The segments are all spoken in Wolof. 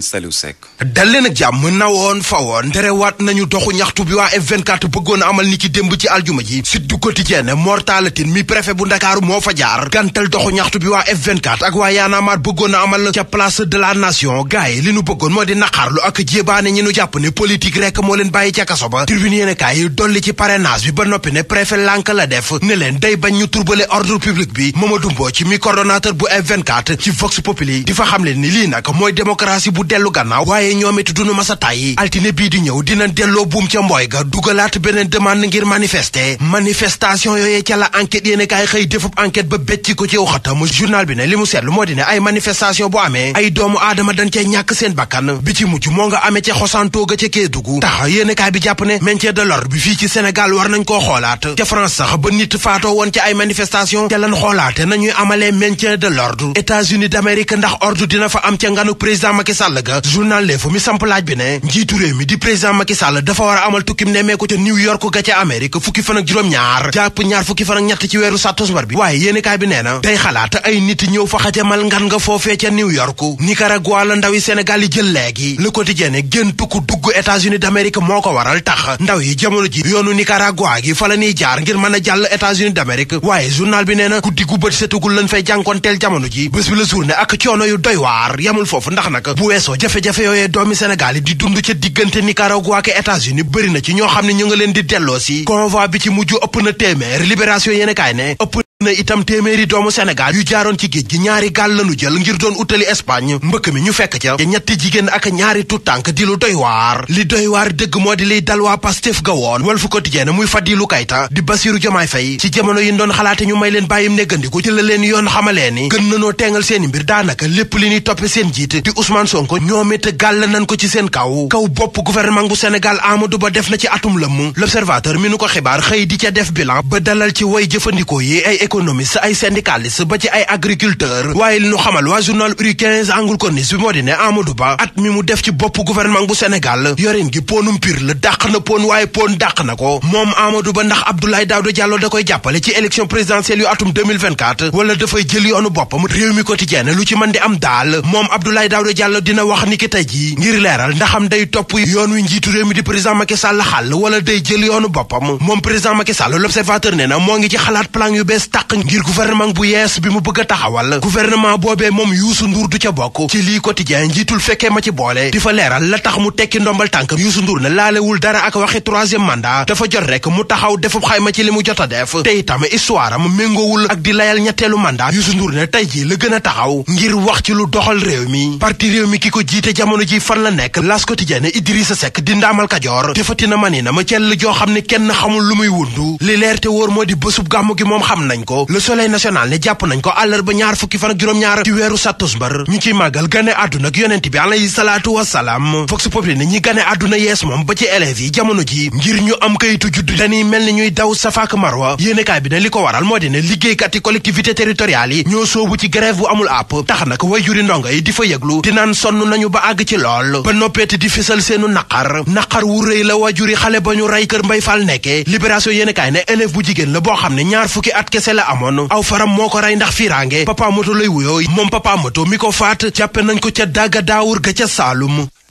Saliou Seck dal leen ak jàmm na woon fa woon terewaat nañu doxu ñaxtu bi waa F24 bëggoon amal ni ki démb ci aljuma ji Sud du Quotidien mortalatin mi préfet bu Ndakaaru moo fa jaar gantal doxu ñaxtu bi waa f ak waa Y'en a a amal ca place de la nation gars li nu bëggoon moo di naqarlu ak jébaane ñi nu jàpp ne politique rek moo leen bàyyi ca kaso ba tribune yéen kaay dolli ci parrainage bi ba noppi ne préfet lànk la def ne leen day bu dellu gannaaw waaye ñoom it duñu masa tàyyi altine bii di ñëw dina delloo buum ca mbooy ga dugalaat beneen demande ngir manifester manifestation yooyee ca la enquête yéen kaay xëy defub enquête ba becci ko ci waxatam journal bi ne li mu seetlu moo di ne ay manifestation bu amee ay doomu aadama dañ cee ñàkk seen bakkan bi ci mujj moo nga amee ca xosantoo ga ca Kédougou tax yéen bi jàpp ne maintien de l'ordre bi fii ci Sénégal war nañ koo xoolaat ca France sax ba nit faatoo woon ci ay manifestation ca lan xoolaate nañuy amalee maintien de Sall ga journal L'Info mi samp laaj bi ne njiitu mi di président Macky dafa war a amal tukkim nemmeeku ca New York ga ca Amérique fukki fan juróom-ñaar jàpp ñaar fukki fan ñett ci weeru sàttumbar bi waaye yéenekaay bi nee day xalaat ay nit ñëw fa xajamal ngan nga foofee ca New York Nicaragua la ndaw yi Sénégal yi jël léegi Le Quotidien gën tukku dugg États-Unis d'Amérique moo ko waral tax ndaw yi jamono ji yoonu Nicaragua gi fa la ñuy a weesoo jafe-jafe yooyee doomi Sénégal yi di dund ca diggante Nicaragua ak États-Unis bëri na ci ñoo xam ne ñu nga leen di delloo si convoi bi ci mujj ëpp na téeméer libération yéen kaay ne ëpp na itam téeméeri doomu Sénégal yu jaaroon ci géej gi ñaari gaal lañu jël ngir doon utali Espagne mbëkk mi ñu fekk ca ñetti jigéen ak ñaari tuttànk di lu doy li doy dëgg moo di liy dal waa Pastef ga woon Walf Quotidien muy Fadilou Keita di Bassirou Diomaye Faye ci jamono yi doon xalaate ñu may leen bàyyim neggandiku ci la leen yoon xamalee ni gën nanoo teengal seeni mbir daanaka lépp li ñuy toppe seen jiit di Ousmane Sonko ñoom it gàll ko ci seen kaw kaw bopp gouvernement bu Sénégal Amadou Ba def na ci atum lëmm L'Observateur mi nu xëy di ca def bilan ba dalal ci yi économiste ay syndicaliste ba ci ay agriculteur waaye li ñu xamal waa journal uri 15 ko nis bi moo di ne Amadou Ba at mi mu def ci bopp gouvernement bu Sénégal yorin gi ponum pir la dàq na pon waaye pon dàq na ko moom Amadou Ba ndax Abdoulaye Daouda Diallo da koy jàppale ci élection présidentielle yu atum 2024 wala dafay jël yoonu boppam réew mi quotidien lu ci mën di am daal moom Abdoulaye Daouda Diallo dina wax ni ki tey jii ngir leeral ndaxam day topp yoon njiitu réew mi di président Macky Sall xàll wala day jël tàq ngir gouvernement bu yees bi mu bëgg a taxawal gouvernement boobee moom yuusu nduur du ca bokk ci lii quotidien njiitul fekkee ma ci boole di fa leeral la tax mu tekki ndombal tànk Youssou Ndour ne laalewul dara ak waxi troisième mandat dafa jot rek mu taxaw defub xayma ci li mu jot a def te itam histoire am méngoowul ak di layal ñetteelu mandat Youssou Ndour ne tey ji la gën a taxaw ngir wax ci lu doxal réew mi parti réew mi ki ko jiite jamono ji fan la nekk las quotidien Idrissa Seck di ndaamal Kajoor defati na mani na ma cell joo xam ne kenn xamul lu muy wundu leer te wóor moo di bésub gàmmu gi moom xam nañ ko le soleil national ne jàpp nañ ko àllarba ñaar fukki fan ak juróom-ñaar ci weeru satusmbar ñu ciy màggal gane àdduna ak yonent bi alayhi salaatu wasalaam vox populi ne ñi gane àdduna yees moom ba ci élèves yi jamono ji ngir ñu am kayitu judd dañuy mel ni ñuy daw safaak marwa yéenekaay bi ne li ko waral moo di ne liggéeykat yi collectivité territoriale yi ñoo soobu ci grève bu amul àpp tax nag way juri ndongo yi di fa yëglu di naan sonn nañu ba àgg ci lool ba di fisal seenu naqar naqar wu rëy la wajuri xale ba ñu rey kër mbay faal nekke libération yéenekaay ne élève bu jigéen la la amoon aw faram moo ko rey ndax firange papa moto lay wuyoo moom papa moto mi ko faat jàppe nañ ko ca dagga daawur ga ca saalum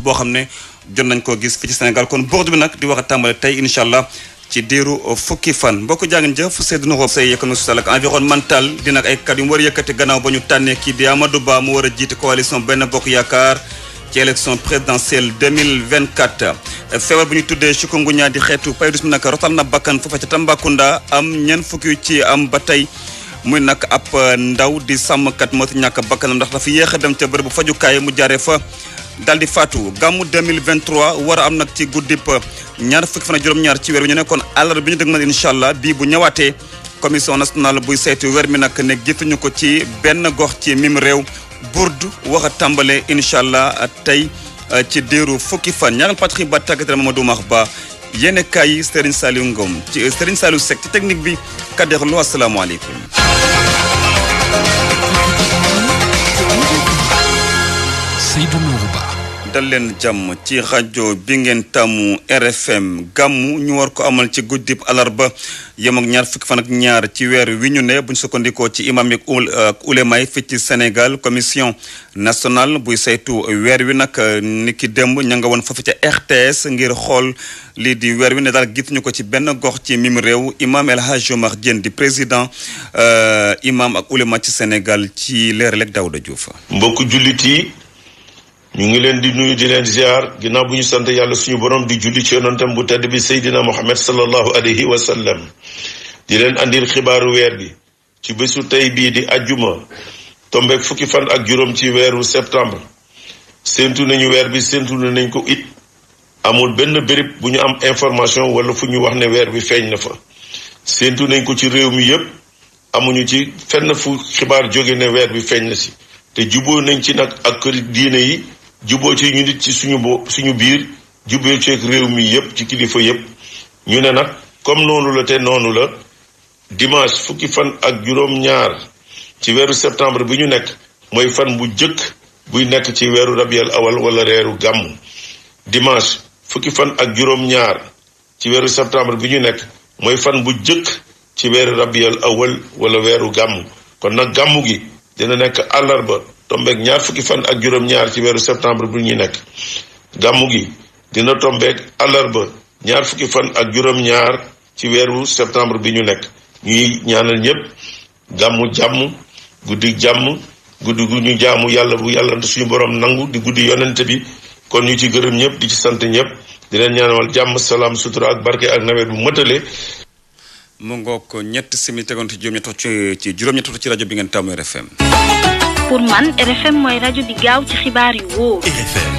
boo xam ne jot nañ koo gis fi ci Sénégal kon bourde bi nag di wax a tàmbale tey incha allah ci diiru uh, fukki fan mbokk jàngin jëf Seydou Nourou say économie sociale ak environnemental dina ak ay kàddu yu mu war a yëkkati gannaaw ñu tànnee kii di Amadou Ba mu war a jiite coalition benn bokk yaakaar ci élection présidentielle 2024 uh, feebar bu ñu tuddee chikungunya di xeetu paydus mi nag rotal na bakkan foofa ca Tambacounda am ñeent fukki ci am ba tey muy nag ab uh, ndaw di sàmmkat moo ci ñàkk bakkanam ndax dafa yéex a dem ca bërëb bu fajukaay mu jaaree fa daal di faatu gàmmu 2023 war a am nag ci guddib ñaar fukki fan ak juróom-ñaar ci weer bi ñu nekkoon àllarba bi ñu dëgmal incha allah bii bu ñëwaatee commission nationale buy saytu weer mi nag ne gisuñu ko ci benn gox ci miim réew Bourde wax a tàmbale incha allah tey euh, ci diiru fukki fan ñaareelu pàcc ba tàggat yaram Mamadou Max Ba yéen kaay yi Serigne Saliou Ngom ci euh, Serigne Saliou Seck ci technique bi kaddeex lu asalaamaaleykum. Seydou dal leen jàmm ci rajo bi ngeen tàmmu RFM gàmmu ñu war ko amal ci guddi guddib alarba yem ak ñaar fukki fan ak ñaar ci weer wi ñu ne buñ ñu sukkandikoo ci imam yi ak ulema yi fii ci Sénégal commission nationale buy saytu weer wi nag niki démb ña nga woon foofu ca RTS ngir xool lii di weer wi ne daal gis ñu ko ci benn gox ci mim réew imam El Hadj Omar di président euh, imam ak ulema ci Sénégal ci leer lekk Daouda Diouf. mbokk ñu ngi leen di nuyu di leen ziar ginnaaw bu ñu sant yàlla suñu borom di julli ci yonantam bu tedd bi Seydina Muhammad sallallahu alayhi wa sallam di leen andil xibaaru weer bi ci bésu tey bii di ajjuma tombeek fukki fan ak juróom ci weeru septembre séentu nañu weer bi séentu nañ ko it amul benn béréb bu ñu am information wala fu ñu wax ne weer bi feeñ na fa séentu nañ ko ci réew mi yépp amuñu ci fenn fu xibaar jóge ne weer bi feeñ na si te juboo nañ ci juboo ci ñu nit ci suñu bo suñu biir juboo ceeg réew mi yépp ci kilifa yépp ñu ne nag comme noonu la te noonu la dimanche fukki fan ak juróom-ñaar ci weeru septembre bi ñu nekk mooy fan bu jëkk buy nekk ci weeru rabial awal wala reeru gàmm dimanche fukki fan ak juróom ci weeru septembre bi ñu nekk mooy fan bu jëkk ci weeru rabial awal wala weeru gàmm kon nag gàmm gi dina nekk àllarba tombeeg ñaar fukki fan ak juróom-ñaar ci weeru septembre bu ñu nekk gàmmu gi dina tombeeg àllarba ñaar fukki fan ak juróom-ñaar ci weeru septembre bi ñu nekk ñuy ñaanal ñëpp gàmmu jàmm guddi jàmm guddi gu ñu jaamu yàlla bu yàlla suñu borom nangu di guddi yonente bi kon ñu ci gërëm ñëpp di ci sant ñëpp di leen ñaanal jàmm salaam sutura ak barke ak nawet bu mëtale. mu ngoog ñett simi tegoon ci juróom-ñett ci juróom-ñett ci rajo bi ngeen taamu RFM. pour man RFM mooy bi gaaw ci xibaar yu wóor. RFM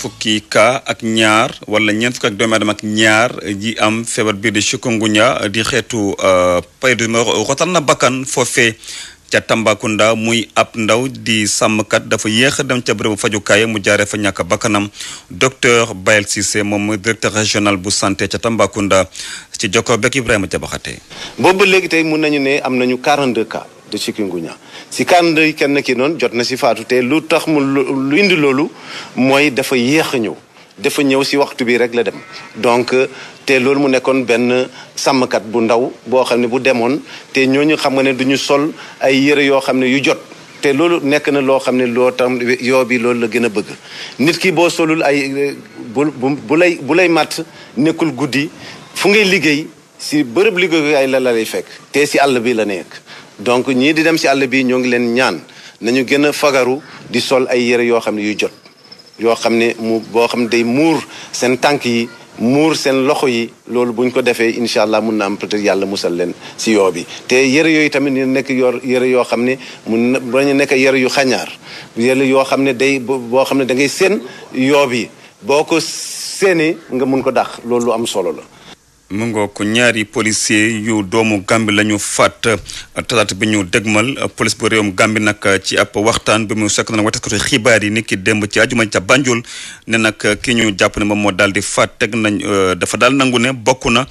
fukki cas ak ñaar walla ñeent fukki ak doomu aadama ñaar ji am feebar bii di chikungunya di xeetu pay de mort rotal bakkan foofee. ca Tambacounda muy ab ndaw di sàmmkat dafa yéex a dem ca bërëbu fajukaay mu jaaree fa ñàkk bakkanam docteur Bayel Cissé moom directeur régional bu santé ca Tambacounda ci jokkoo beeg Ibrahima Jabaxate. boobu léegi tey mun nañu ne am nañu 42 cas de chikungunya si 42 yi kenn ki noonu jot na si faatu te lu tax mu lu indi loolu mooy dafa yéex a ñëw dafa ñëw si waxtu bi rek la dem donc te loolu mu nekkoon benn sàmmkat bu ndaw boo xam ne bu demoon te ñoo ñu xam nga ne duñu sol ay yëre yoo xam ne yu jot te loolu nekk na loo xam ne loo tam yoo bi loolu la gën a bëgg nit ki boo solul ay bu bu lay màtt nekkul guddi fu ngay liggéey si bërëb liggéeyukaay la la fekk te si àll bi la nekk donc ñii di dem si àll bi ñoo ngi leen ñaan nañu gën a fagaru di sol ay yére yoo xam ne yu jot yoo xam ne mu boo xam ne day muur seen tànk yi muur seen loxo yi loolu buñ ko defee incha allah mun na am peut-être yàlla musal leen si yoo bi te yëre yooyu tamit nekk yor yëre yoo xam ne mun ñu nekk yëre yu xañaar yëre yoo xam ne day boo xam ne dangay ngay seen yoo bi boo ko seeni nga mun ko dàq loolu lu am solo la mu ngoo ko ñaari policier yu doomu Gàmbi lañu faat talaata bi ñu dégmal police bu réewum Gàmbi nag ci ab waxtaan bi mu sekk na waxtaan ko xibaar yi ni ki demb ci ajuma ca Banjul ne nag ki ñu jàpp ne moom moo daal di faat teg nañ dafa daal nangu ne bokk na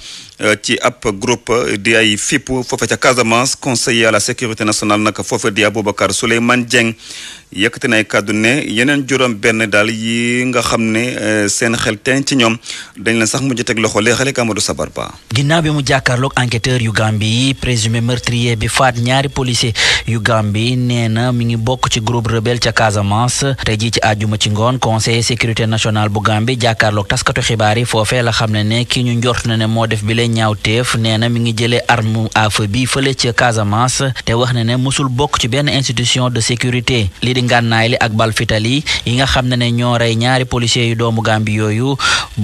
ci ab groupe di ay FIP foofe ca Casamance conseiller à la sécurité nationale nag foofe di Aboubacar Souleymane Dieng yëkkati na ay kàddu ne yeneen juróom benn daal yi nga xam ne euh, seen xel teen ci ñoom dañ leen sax mujj teg loxo lee xale Amadou Sabar Ba. ginnaaw bi mu jàkkaarloog enquêteur yu Gambie yi présumé meurtrier bi faat ñaari policier yu Gambie nee na mi ngi bokk ci groupe rebelle ca Casamance te jii ci àjjuma ci ngoon conseil sécurité nationale bu Gambie jàkkaarloog taskatu xibaar yi foofee la xam ne ne ki ñu njort na ne moo def bi leen ñaaw teef nee na mi ngi jële arme à feu bi fële ca Casamance te wax na ne mosul bokk ci benn institution de sécurité ngànnaay li ak balfitali yi nga xam ne ne ñoo rey ñaari policiers yu doomu Gambie yooyu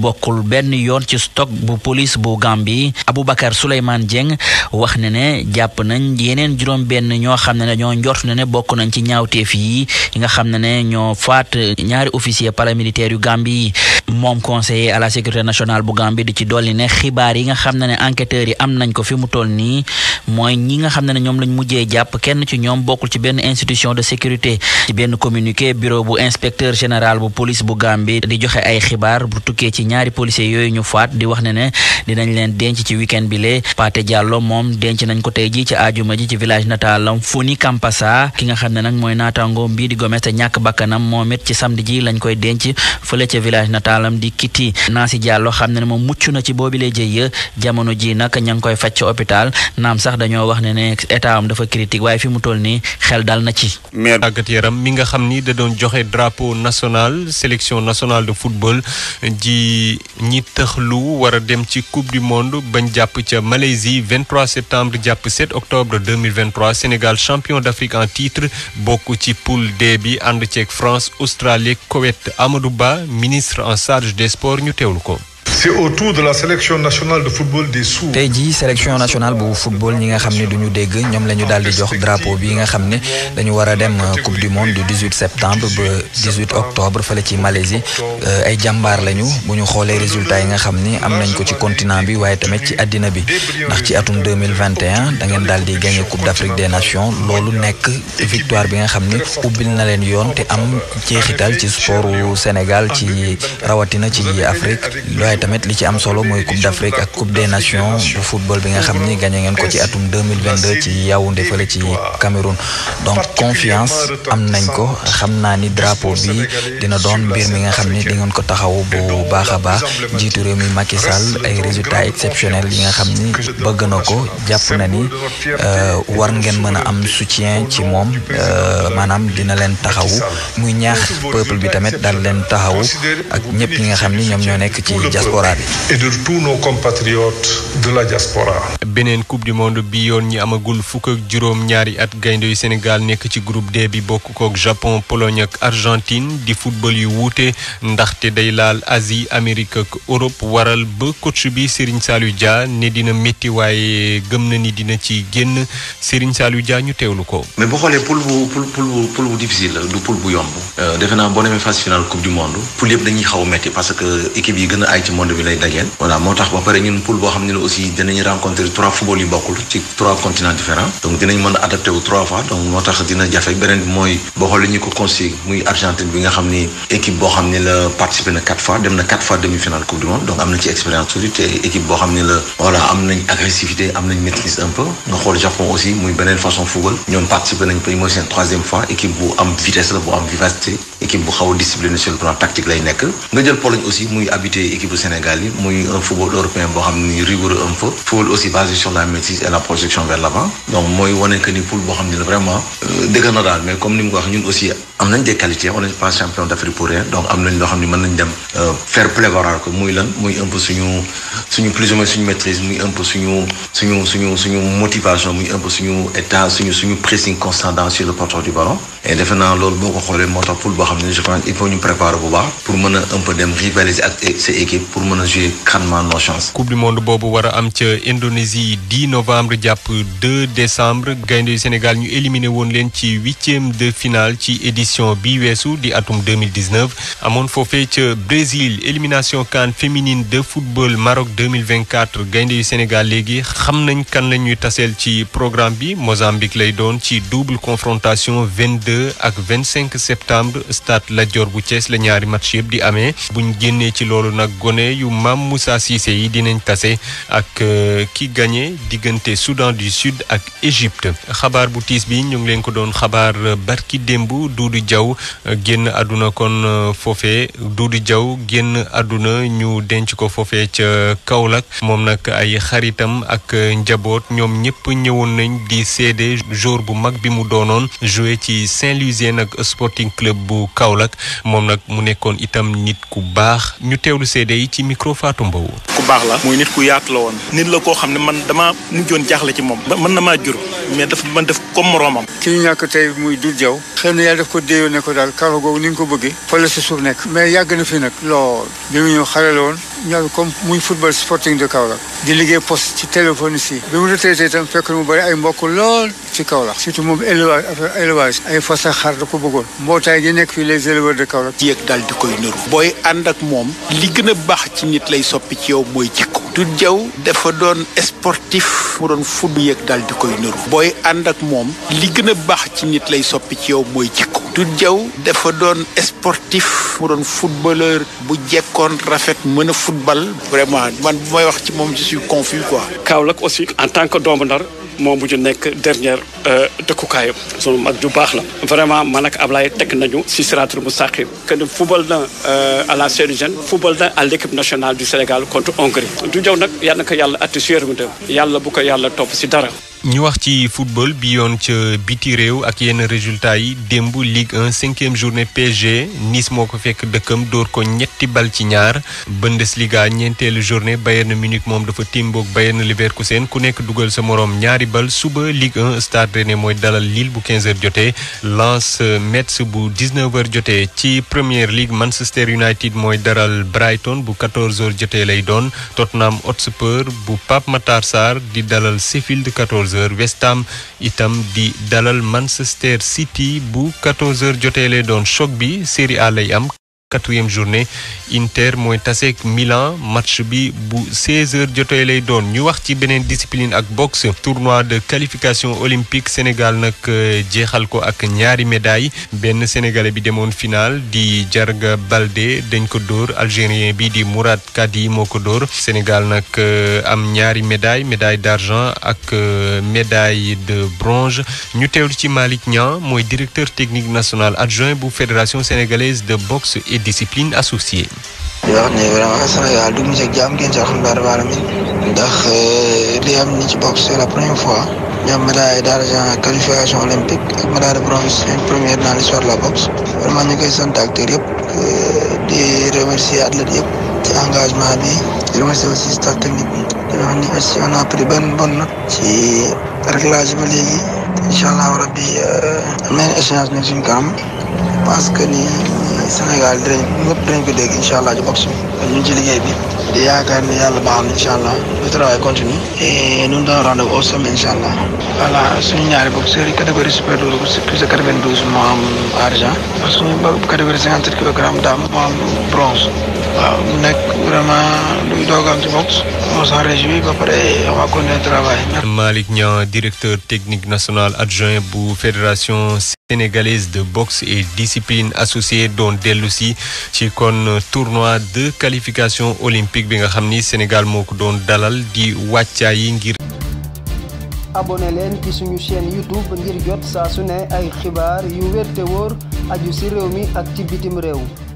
bokkul benn yoon ci stock bu police bu Gambie Aboubacar Souleymane Dieng wax na ne jàpp nañ yeneen juróom benn ñoo xam ne ne ñoo njort na ne bokk nañ ci ñaawteef yi yi nga xam ne ne ñoo faat ñaari officier paramilitaire yu Gambie yi moom conseiller à la sécurité nationale bu Gambie di ci dolli ne xibaar yi nga xam ne ne enquêteurs yi am nañ ko fi mu toll nii mooy ñi nga xam ne ne ñoom lañ mujjee jàpp kenn ci ñoom bokkul ci benn institution de sécurité ci benn communiqué bureau bu inspecteur général bu police bu Gambie di joxe ay xibaar bu tukkee ci ñaari policiers yooyu ñu faat di wax ne ne dinañ leen denc ci weekend bi lee Paté moom denc nañ ko tey ji ci ajuma ji ci village natalam Foni Kampasa ki nga xam ne nag mooy naataango mbii di Gomes te ñàkk bakkanam moom it ci samedi ji lañ koy denc fële nataalam di Kiti Nancy Diallo xam ne ne moom mucc na ci boobi lay jëyee jamono ji nag ña koy faj ci hôpital naam sax dañoo wax ne ne état am dafa critique waaye fi mu toll nii xel dal na ci. maire tàggat yaram mi nga xam ni da doon joxe drapeau national sélection nationale de football ji ñi tëxlu war dem ci coupe du monde ba jàpp ca Malaisie 23 septembre jàpp 7 octobre 2023 Sénégal champion d'Afrique en titre bokk ci poule D bi ànd ceeg France Australie Koweït Amadou charge des sports ñu teewlu ko. c'est au tour tey jii sélection nationale bu football ñi nga xam ne duñu dégg ñoom la ñu daal di jox drapeau bi nga xam ne dañu wara a dem coupe du monde du 18 septembre ba 18 octobre fële ci Malaisie euh, ay jàmbaar lañu bu ñu xoolee résultat yi nga xam ni am nañ ko ci continent bi waaye tamit ci àddina bi ndax ci atum 2021 da ngeen daal di gagné coupe d'Afrique des nation loolu nekk victoire bi nga xam ne ubbil na leen yoon te am jeexital ci sportu senegal ci rawatina ci Afrique. waaye tamit li ci am solo mooy coupe d'Afrique ak coupe des nations bu football bi nga xam ni gagné ngeen ko ci atum ci Yaoundé fële ci Cameroun donc confiance am nañ ko xam naa ni drapeau bi dina doon mbir mi nga xam ni di ngeen ko taxaw bu baax a baax jiitu réew mi Macky Sall ay résultats exceptionnels yi nga xam ni bëgg na ko jàpp na ni euh, war ngeen mën a am soutien ci moom euh, maanaam dina leen taxawu muy ñaax peuple bi tamit daal leen taxawu ak ñëpp nga xam ni ñoom diaspora bi et de tous nos compatriotes de la diaspora. beneen coupe du monde bi yoon ñi amagul fukk ak juróom ñaari at gaynde yu Sénégal nekk ci groupe D bi bokk kook Japon Pologne ak Argentine di football yu wuute ndaxte day laal Asie Amérique ak Europe waral ba coach bi Serigne Saliou Dia ne dina metti waaye gëm na ni dina ci génn Serigne Saliou Dia ñu teewlu ko. mais boo xoolee poule bu poule poule bu difficile du poule bu yomb. Euh, defe naa boo demee phase finale coupe du monde poule yëpp dañuy xaw a métti parce que équipe yi gën a aussi dinañ rencontrer trois football yu bokkul ci trois continents différents donc mën a trois fois donc moo tax dina jafe beneen mooy boo ñu ko conseillé muy Argentine bi nga xam ni équipe boo xam ni la participé am na agressivité am nañ maîtrise un peu nga xool Japon aussi muy beneen façon football ñoom participé nañ mooy seen troisième fois équipe bu am vitesse la bu am vivacité équipe bu xaw a discipliné plan tactique lay nekk nga jël structurer aussi basé sur la maîtrise et la projection vers l'avant donc mooy wane que ni pôle boo xam ne vraiment euh, dëgg na daal mais comme ni mu ñun aussi am nañ des qualités on n'est champion d'Afrique pour rien donc am nañ loo xam ne mën nañ dem euh, faire prévaloir ko muy lan muy un suñu motivation muy un suñu état suñu pressing constant dans sur le porteur du ballon et defe naa loolu boo ko xoolee moo tax poule boo xam ne je il faut ñu préparer bu baax pour mën a un peu dem rivaliser ak e-, ces équipes pour mën a jouer calmement nos chances. coupe boobu war a am ca Indonésie 10 novembre jàpp 2 décembre édition bi weesu di atum 2019 amoon foofee ca Brésil élimination CAN féminine de football Maroc 2024 gaynde yu Sénégal léegi xam nañ kan la ñuy taseel ci programme bi Mozambique lay doon ci double confrontation 22 ak 25 septembre stade Lat Dior bu Thiès la ñaari match yëpp di amee buñ génnee ci loolu nag gone yu maam Moussa Cissé yi dinañ tase ak euh, ki gagné diggante Soudan du Sud ak Égypte xabaar bu tiis bi ñu ngi leen ko doon xabaar euh, barki démb du Doudou Diaw euh, génn àdduna kon euh, foofee di Diaw génn àdduna ñu denc ko foofee ca Kaolack moom nag ay xaritam ak euh, njaboot ñoom ñëpp ñëwoon nañ di seede jour bu mag bi mu doonoon joué ci Saint-Louisien ak Sporting Club bu Kaolack moom nag mu nekkoon itam nit ku baax ñu teewlu seede yi ci micro Fatou ku baax la muy nit ku yaat la woon nit la koo xam ne man dama mujjoon jaaxle ci moom mën na ma jur mais dafa man def comme moroomam ki ñu ñàkk tey muy Doudou Diaw xëy na déyoo ne ko daal karo googu ni nga ko bëgge fa la sa suuf nekk. mais yàgg na fi nag. lool bi mu ñëw xarale woon ñor comme muy football sporting de Kaolack di liggéey poste ci téléphone si bi mu retraité itam fekk na mu bëri ay mbokk lool ci Kaolack surtout moom élevage affaire ay fas ak xar da ko bëggoon mbootaay gi nekk fii les éleveurs de Kaolack yéeg moom li gën a baax ci nit lay soppi ci yow mooy jikko du jaw dafa doon sportif mu doon fudd yéeg daal di koy nuru booy ànd ak moom li gën a baax ci nit lay soppi ci yow mooy jikko du jaw dafa doon sportif mu doon footballeur bu jekkoon rafet mën a football. vraiment man bu may wax ci moom ci si confus quoi. Kaolack aussi en tant que doomu Ndar moo mujj nekk dernière euh, dëkkukaayam. sunu mag ju baax la. vraiment man ak Ablaye teg nañu si siraatul mustaqim. que ne football na euh, à la Sénégal football na à l' équipe nationale du Sénégal contre Hongrie. du jaw nag yal na yàlla atti si yërmande yàlla bu ko yàlla top si dara. ñu wax ci football bi yoon ca biti réew ak yenn résultat yi démb Ligue 1 cinquième journée PSG Nice moo ko fekk dëkkam dóor ko ñetti bal ci ñaar Bundesliga ñeenteelu journée Bayern Munich moom dafa timboog Bayern Leverkusen ku nekk dugal sa moroom ñaari bal suba Ligue 1 Stade Rennais mooy dalal Lille bu 15h jotee Lens Metz bu 19h jotee ci Premier League Manchester United mooy daral Brighton bu 14h jotee lay doon Tottenham Hotspur bu Pape Matar Sarr di dalal Sheffield 14. 14h West Ham itam di dalal Manchester City bu 14h jotee lay doon choc bi seri A lay am. quatrième journée Inter mooy taseek Milan match bi bu 16h jotee lay doon ñu wax ci beneen discipline ak boxe tournoi de qualification olympique Sénégal nag euh, jeexal ko ak ñaari médaille benn sénégalais bi demoon final di Jarga Balde dañ ko dóor algérien bi di Mourad Kadi moo ko dóor Sénégal nag euh, am ñaari médaille médaille d'argent ak euh, médaille de bronze ñu teewlu ci Malick Niang mooy directeur technique national adjoint bu fédération sénégalaise de boxe disciplines associées. di wax ne vraiment Sénégal dugg na ci ci alhamdulilah rabbil alamin ndax eh, li am ni ci bopp la première fois ñu am médaille d'argent qualification olympique ak médaille de bronze une première dans l'histoire de la boxe vraiment ñu koy sant acteurs yëpp eh, di remercier athlètes yëpp ci engagement bi di remercier aussi staff technique bi di wax ni aussi on a pris benn ci réglage ba léegi incha allah rabbi eh, am nañu échange nag suñu kanam ni. Sénégal dinañ ñëpp dinañ ko dégg incha allah ci box ñu ngi ci liggéey bi di yaakaar ni yàlla baax na incha allah le travail continue et nous donnons rendez-vous au allah voilà suñu ñaari boxeurs yi catégorie super am argent parce que suñu kilogramme daam moo am bronze waaw mu nekk vraiment luy ci boxe on s'en réjouit ba pare on va continuer travail. Malick directeur technique national adjoint bu fédération sénégalaise de boxe et discipline associée doon dellu ci kon tournoi de qualification olympique bi nga xam ni Sénégal moo ko doon dalal di wàccaa yi ngir. abonné leen ci suñu chaîne YouTube ngir jot saa su ne ay xibaar yu wér te wóor aju ci réew mi ak ci bitim réew.